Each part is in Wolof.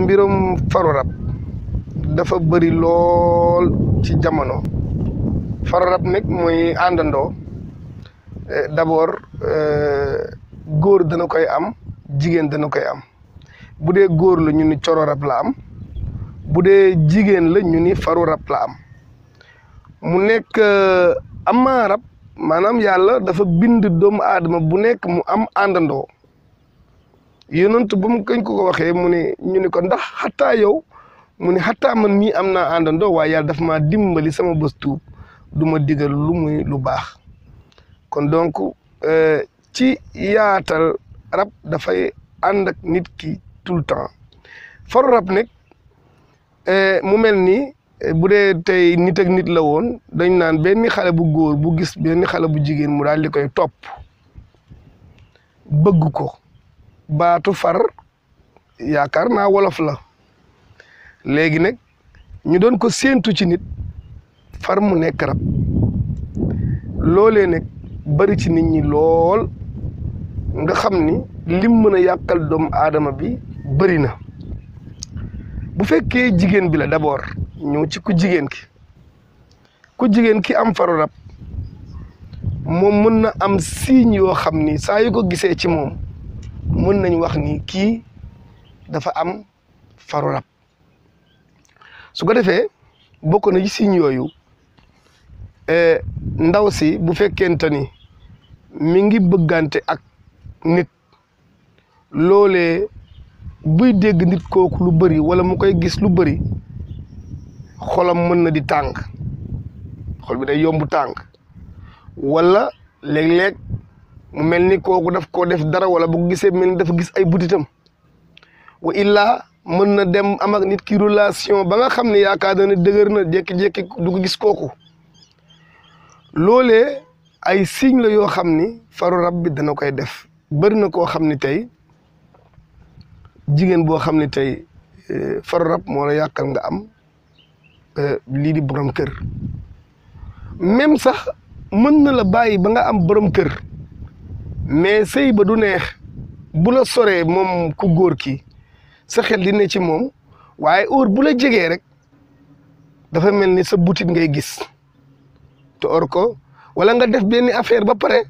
mbirum faru rab dafa bëri lool ci jamono faru rab nag mooy àndandoo eh, d'abord eh, góor dana koy am jigéen dana koy am bu dee góor la ñu ni coro rab la am bu dee jigéen la ñu ni faru rab la am mu nekk eh, amaa rab maanaam yàlla dafa bind doomu aadama bu nekk mu am àndandoo yonent ba mu kañ ko ko waxee mu ne ñu ne ko ndax xattaa mu ne xattaa man mii am naa àndandoo waaye yàlla dafa maa dimbali sama bës duma du ma digal lu muy lu baax kon donc euh, ci yaatal rab dafay ànd nit ki tout le temps faru rab nag euh, mu mel ni euh, bu dee tey nit nit la woon dañ naan benn xale bu góor bu gis benn xale bu jigéen mu daal di koy topp bëgg ko baatu far yaakaar naa wolof la léegi nag ñu doon ko séentu ci nit far mu nekk rab loolee nag bari ci nit ñi lool nga xam ni lim mën a yàqal doomu aadama bi bari na bu fekkee jigéen bi la d'abord ñëw ci ku jigéen ki ku jigéen ki am faru rab moom mën na am signe yoo xam ni saa yu ko gisee ci moom mën nañ wax ni kii dafa am faru rab su ko defee bokk na ci signe yooyu eh, ndaw si bu fekkente ni mi ngi bëggante ak nit loole buy dégg nit kooku lu bari wala mu koy gis lu bari xolam mën na di tàng xol bi day yombu tàng wala léeg-léeg mu melni koku daf ko def dara wala bu gisse mel ni gis ay butitam wa illa mën na dem am ak nit ki relation ba nga xamni yaaka yaakaar na deuguer na jek jek du gis koku lolé ay signe la yo xamni faru rabbi dana koy def bëri na ko xamni tay jigen bo xamni tay eh, faru rab mo la yakal nga am eh, li di borom keur même sax mën na la bayyi ba nga am borom keur mais sëy ba du neex bu la soree moom ku góor ki sa xel di ne ci moom waaye or bu la jegee rek dafa mel ni sa butit ngay gis te or ko wala nga def benn affaire ba pare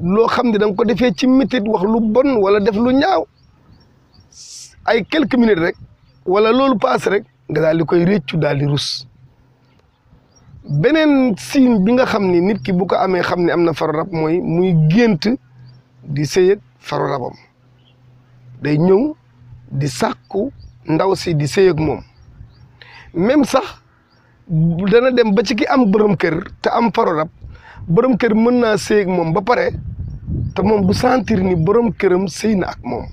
loo xam ne danga ko defee ci mitit wax lu bon wala def lu ñaaw ay quelques minutes rek wala loolu paase rek nga daal di koy riccu daal di rus beneen signe bi nga xam ni nit ki bu ko amee xam ne am na faru rab mooy muy gént di sëyëg faru rabam day ñëw di sàkku ndaw si di sëyëg moom même sax dana dem ba ci ki am borom kër te am faru rab borom kër mën naa sëyëg moom ba pare te moom bu sentir ni borom këram sëy ak moom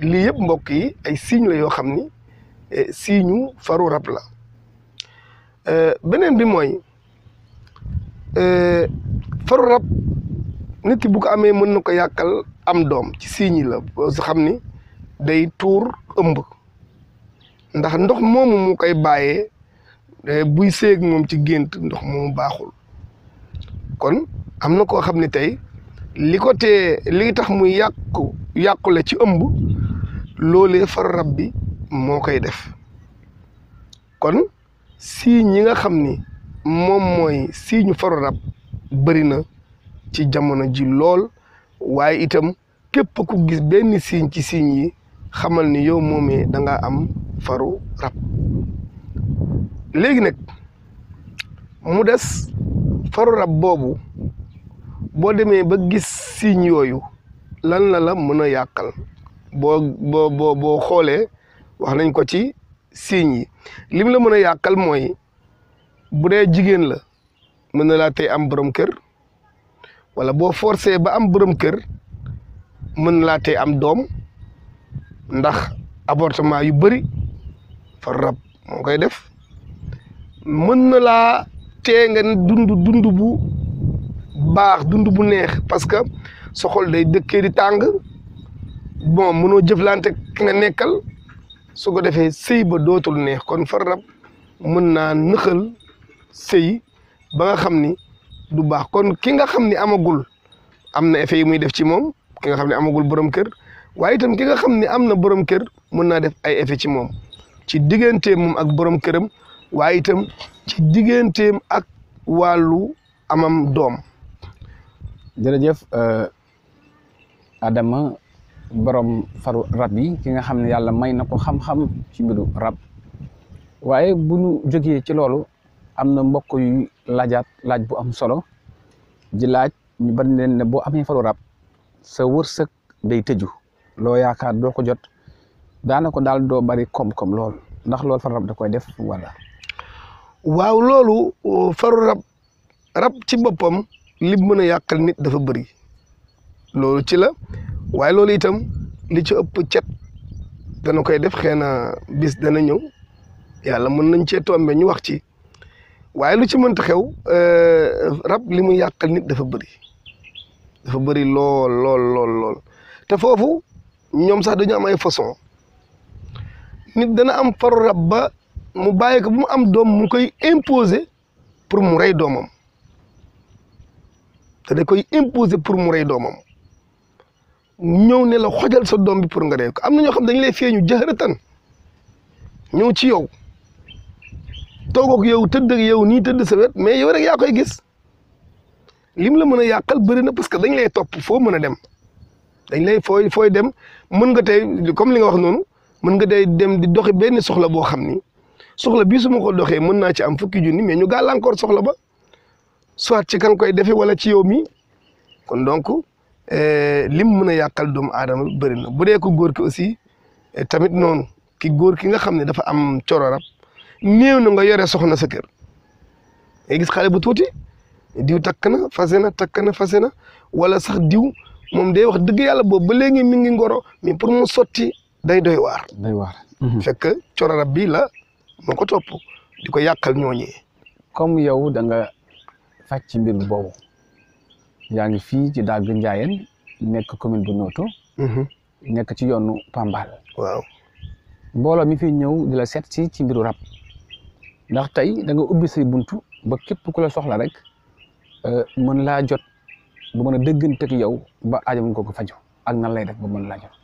lii yëpp mbokk yi ay signe la yoo xam ni eh, signe faru rab la Euh, beneen bi mooy euh, faru rab nit ki bu ko amee mën na ko yàqal am doom ci signe yi la xam ni day tuur ëmb ndax ndox moomu mu koy bàyyee euh, buy séeg moom ci gént ndox moomu baaxul kon am na koo xam ni tey li ko tee li tax muy yàqu yàqule ci ëmb loole faru rab bi moo koy def kon signes yi nga xam ni moom mooy signe ñu faru rab bëri na ci jamono ji lool waaye itam képp ku gis benn signe ci signes yi xamal ni yow moomee da nga am faru rab léegi nag mu des faru rab boobu boo demee ba gis signes yooyu lan la la mën a yàqal boo boo boo boo xoolee wax nañ ko ci signes yi lim la mën a yàqal mooy bu dee jigéen la mën na laa tey am borom kër wala boo forcé ba am borom kër mën na laa tey am doom ndax abortement yu bëri fa rab moo koy def mën na laa tee nga dund dund bu baax dund bu neex parce que soxol day dëkkee di tàng bon mënoo jëflante ki nga nekkal su ko defee sëy ba dootul neex kon far rab mën naa nëxal sëy ba nga xam ni du baax kon ki nga xam ni amagul am na effet yi muy def ci moom ki nga xam ne amagul borom kër waaye itam ki nga xam ni am na borom kër mën naa def ay effet ci moom ci digganteem moom ak borom këram waaye itam ci digganteem ak wàllu amam doom jërëjëf euh, Adama borom faru rab yi ki nga xam ne yàlla may na ko xam-xam ci mbiru rab waaye bu ñu jógee ci loolu am na mbokk yu laajaat laaj bu am solo ji laaj ñu bari leen ne boo amee faru rab sa wërsëg day tëju loo yaakaar doo ko jot daanaka daal doo bari koom-koom lool ndax loolu faru rab da koy def wala. waaw loolu faru rab ci boppam li mën a yàqal nit dafa bëri loolu ci la. waaye loolu itam li ci ëpp cet dana koy def xëy na bis dana ñëw yàlla mën nañ cee tombe ñu wax ci waaye lu ci mënta xew eh, rab li mu yàqal nit dafa bëri dafa bëri lool lool lool lool te foofu ñoom sax dañu am ay façon nit dana am faru rab ba mu bàyyi ko bu mu am doom mu koy imposer pour mu rey doomam te da koy imposer pour mu rey doomam ñëw ne la xojal sa doom bi pour nga rey ko am na ñoo xam dañ lay feeñu jëxëratan ñëw ci yow toog ak yow tëdd yow nii tëdd sa wet mais yow rek yaa koy gis lim la mën a yàqal bëri na parce que dañ lay topp foo mën a dem dañ lay fooy fooy dem mën nga tey comme li nga wax noonu mën nga tey dem di doxi benn soxla boo xam ni soxla bii su ma ko doxee mën naa ci am fukki junni mais ñu gàllankoor soxla ba soit ci kan koy defee wala ci yow mi kon donk Eh, lim mën a yàqal doomu aadama bi bëri na bu dee ko góor ki aussi eh, tamit noonu ki góor ki nga xam ne dafa am cororab néew na nga yore soxna sa kër gis xale bu tuuti diw takk na fase na takk na fase na wala sax diw moom day wax dëgg yàlla boobu ba léegi mi ngi ngoro mais pour mu sotti day doy waar. Mhm. fekk cororab bi la moo ko topp di ko yàqal ñooñee. comme yow danga nga fàcc mbir boobu. yaa ngi fii ci Dagg Ndiayène nekk commune bu Notto mhm. nekk ci yoonu Pambal waaw mbooloo mi fi ñëw di la seet si ci mbiru rab ndax tey da nga ubbi say buntu ba képp ku la soxla rek euh, mën laa jot ba mën a dëgganteeg yow ba aajam ko ko fajo ak nan lay rek ba mën laa jot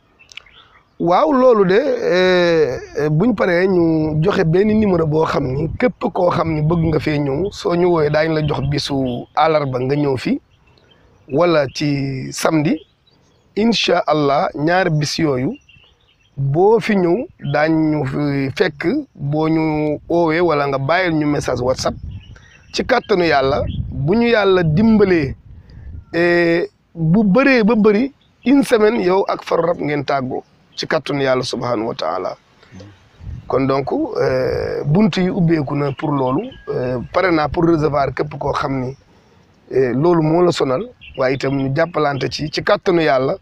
waaw loolu de euh, buñ paree ñu joxe benn numéro boo xam ni képp koo xam ni bëgg nga fee ñëw soo ñu woowee daañu la jox bisu ba nga ñëw fi wala ci samdi incha allah ñaar bis yooyu boo fi ñëw daañu fekk boo ñu oowee wala nga bàyyil ñu message whatsapp ci kàttanu yàlla bu ñu yàlla dimbalee e, bu bëree ba bëri une semaine yow ak Far Rab ngeen tàggoo ci kàttanu yàlla subhanahu wa taala kon donc e, bunt yi ubbeeku na pour loolu e, pare naa pour recevoir képp koo xam ni loolu moo la sonal waaye itam ñu ci ci kàttanu yàlla